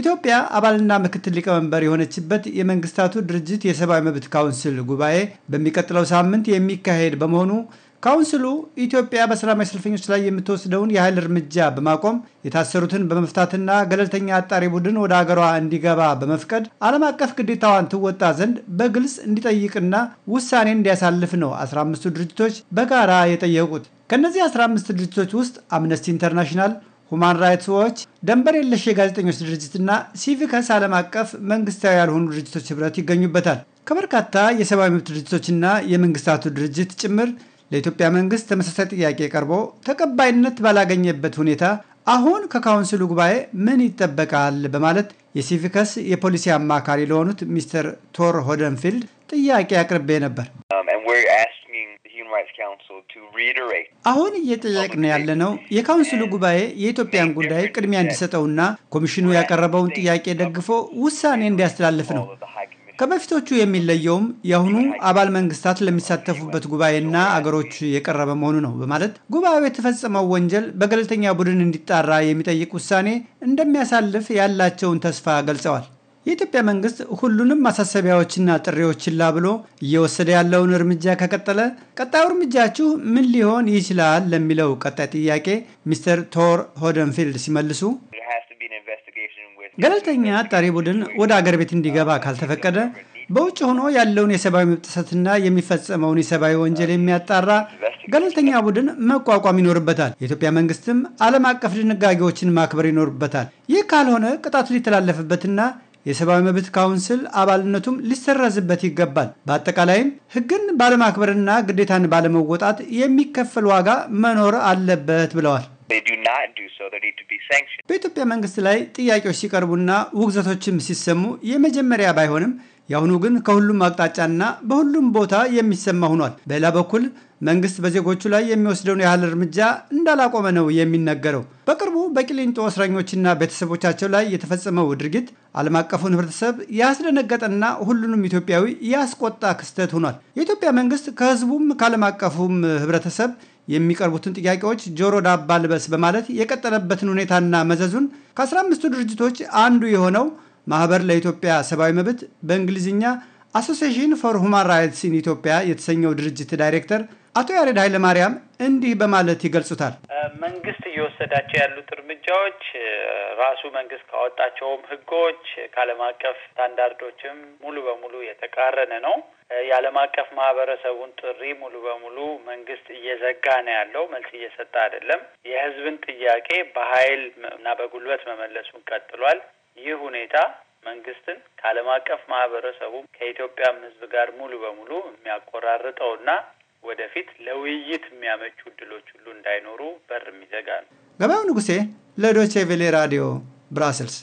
ኢትዮጵያ አባልና ምክትል ሊቀመንበር የሆነችበት የመንግስታቱ ድርጅት የሰብአዊ መብት ካውንስል ጉባኤ በሚቀጥለው ሳምንት የሚካሄድ በመሆኑ ካውንስሉ ኢትዮጵያ በሰላማዊ ሰልፈኞች ላይ የምትወስደውን የኃይል እርምጃ በማቆም የታሰሩትን በመፍታትና ገለልተኛ አጣሪ ቡድን ወደ አገሯ እንዲገባ በመፍቀድ ዓለም አቀፍ ግዴታዋን ትወጣ ዘንድ በግልጽ እንዲጠይቅና ውሳኔ እንዲያሳልፍ ነው 15ቱ ድርጅቶች በጋራ የጠየቁት። ከእነዚህ 15 ድርጅቶች ውስጥ አምነስቲ ኢንተርናሽናል ሁማን ራይትስ ዎች፣ ደንበር የለሽ የጋዜጠኞች ድርጅትና ሲቪከስ ዓለም አቀፍ መንግስታዊ ያልሆኑ ድርጅቶች ህብረት ይገኙበታል። ከበርካታ የሰብአዊ መብት ድርጅቶችና የመንግስታቱ ድርጅት ጭምር ለኢትዮጵያ መንግስት ተመሳሳይ ጥያቄ ቀርቦ ተቀባይነት ባላገኘበት ሁኔታ አሁን ከካውንስሉ ጉባኤ ምን ይጠበቃል በማለት የሲቪከስ የፖሊሲ አማካሪ ለሆኑት ሚስተር ቶር ሆደንፊልድ ጥያቄ አቅርቤ ነበር። um, አሁን እየጠየቅን ያለነው የካውንስሉ ጉባኤ የኢትዮጵያን ጉዳይ ቅድሚያ እንዲሰጠውና ኮሚሽኑ ያቀረበውን ጥያቄ ደግፎ ውሳኔ እንዲያስተላልፍ ነው። ከበፊቶቹ የሚለየውም የአሁኑ አባል መንግስታት ለሚሳተፉበት ጉባኤና አገሮች የቀረበ መሆኑ ነው በማለት ጉባኤው የተፈጸመው ወንጀል በገለልተኛ ቡድን እንዲጣራ የሚጠይቅ ውሳኔ እንደሚያሳልፍ ያላቸውን ተስፋ ገልጸዋል። የኢትዮጵያ መንግስት ሁሉንም ማሳሰቢያዎችና ጥሪዎች ችላ ብሎ እየወሰደ ያለውን እርምጃ ከቀጠለ ቀጣዩ እርምጃችሁ ምን ሊሆን ይችላል ለሚለው ቀጣይ ጥያቄ ሚስተር ቶር ሆደንፊልድ ሲመልሱ ገለልተኛ አጣሪ ቡድን ወደ አገር ቤት እንዲገባ ካልተፈቀደ በውጭ ሆኖ ያለውን የሰብአዊ መብት ጥሰትና የሚፈጸመውን የሰብአዊ ወንጀል የሚያጣራ ገለልተኛ ቡድን መቋቋም ይኖርበታል። የኢትዮጵያ መንግስትም ዓለም አቀፍ ድንጋጌዎችን ማክበር ይኖርበታል። ይህ ካልሆነ ቅጣቱ ሊተላለፍበትና የሰብአዊ መብት ካውንስል አባልነቱም ሊሰረዝበት ይገባል። በአጠቃላይም ህግን ባለማክበርና ግዴታን ባለመወጣት የሚከፈል ዋጋ መኖር አለበት ብለዋል። በኢትዮጵያ መንግስት ላይ ጥያቄዎች ሲቀርቡና ውግዘቶችም ሲሰሙ የመጀመሪያ ባይሆንም የአሁኑ ግን ከሁሉም አቅጣጫና በሁሉም ቦታ የሚሰማ ሆኗል። በሌላ በኩል መንግስት በዜጎቹ ላይ የሚወስደውን ያህል እርምጃ እንዳላቆመ ነው የሚነገረው። በቅርቡ በቂሊንጦ እስረኞችና ቤተሰቦቻቸው ላይ የተፈጸመው ድርጊት ዓለም አቀፉን ህብረተሰብ ያስደነገጠና ሁሉንም ኢትዮጵያዊ ያስቆጣ ክስተት ሆኗል። የኢትዮጵያ መንግስት ከህዝቡም ከዓለም አቀፉም ህብረተሰብ የሚቀርቡትን ጥያቄዎች ጆሮ ዳባ ልበስ በማለት የቀጠለበትን ሁኔታና መዘዙን ከ15ቱ ድርጅቶች አንዱ የሆነው ማህበር ለኢትዮጵያ ሰብአዊ መብት በእንግሊዝኛ አሶሲሽን ፎር ሁማን ራይትስ ኢን ኢትዮጵያ የተሰኘው ድርጅት ዳይሬክተር አቶ ያሬድ ኃይለማርያም እንዲህ በማለት ይገልጹታል። መንግስት እየወሰዳቸው ያሉት እርምጃዎች ራሱ መንግስት ካወጣቸውም ህጎች ከዓለም አቀፍ ስታንዳርዶችም ሙሉ በሙሉ የተቃረነ ነው። የዓለም አቀፍ ማህበረሰቡን ጥሪ ሙሉ በሙሉ መንግስት እየዘጋ ነው ያለው፣ መልስ እየሰጠ አይደለም። የህዝብን ጥያቄ በኃይል እና በጉልበት መመለሱን ቀጥሏል። ይህ ሁኔታ መንግስትን ከዓለም አቀፍ ማህበረሰቡ ከኢትዮጵያም ህዝብ ጋር ሙሉ በሙሉ የሚያቆራርጠውና ወደፊት ለውይይት የሚያመቹ እድሎች ሁሉ እንዳይኖሩ በር የሚዘጋ ነው። ገበያው ንጉሴ ለዶቼ ቬሌ ራዲዮ ብራስልስ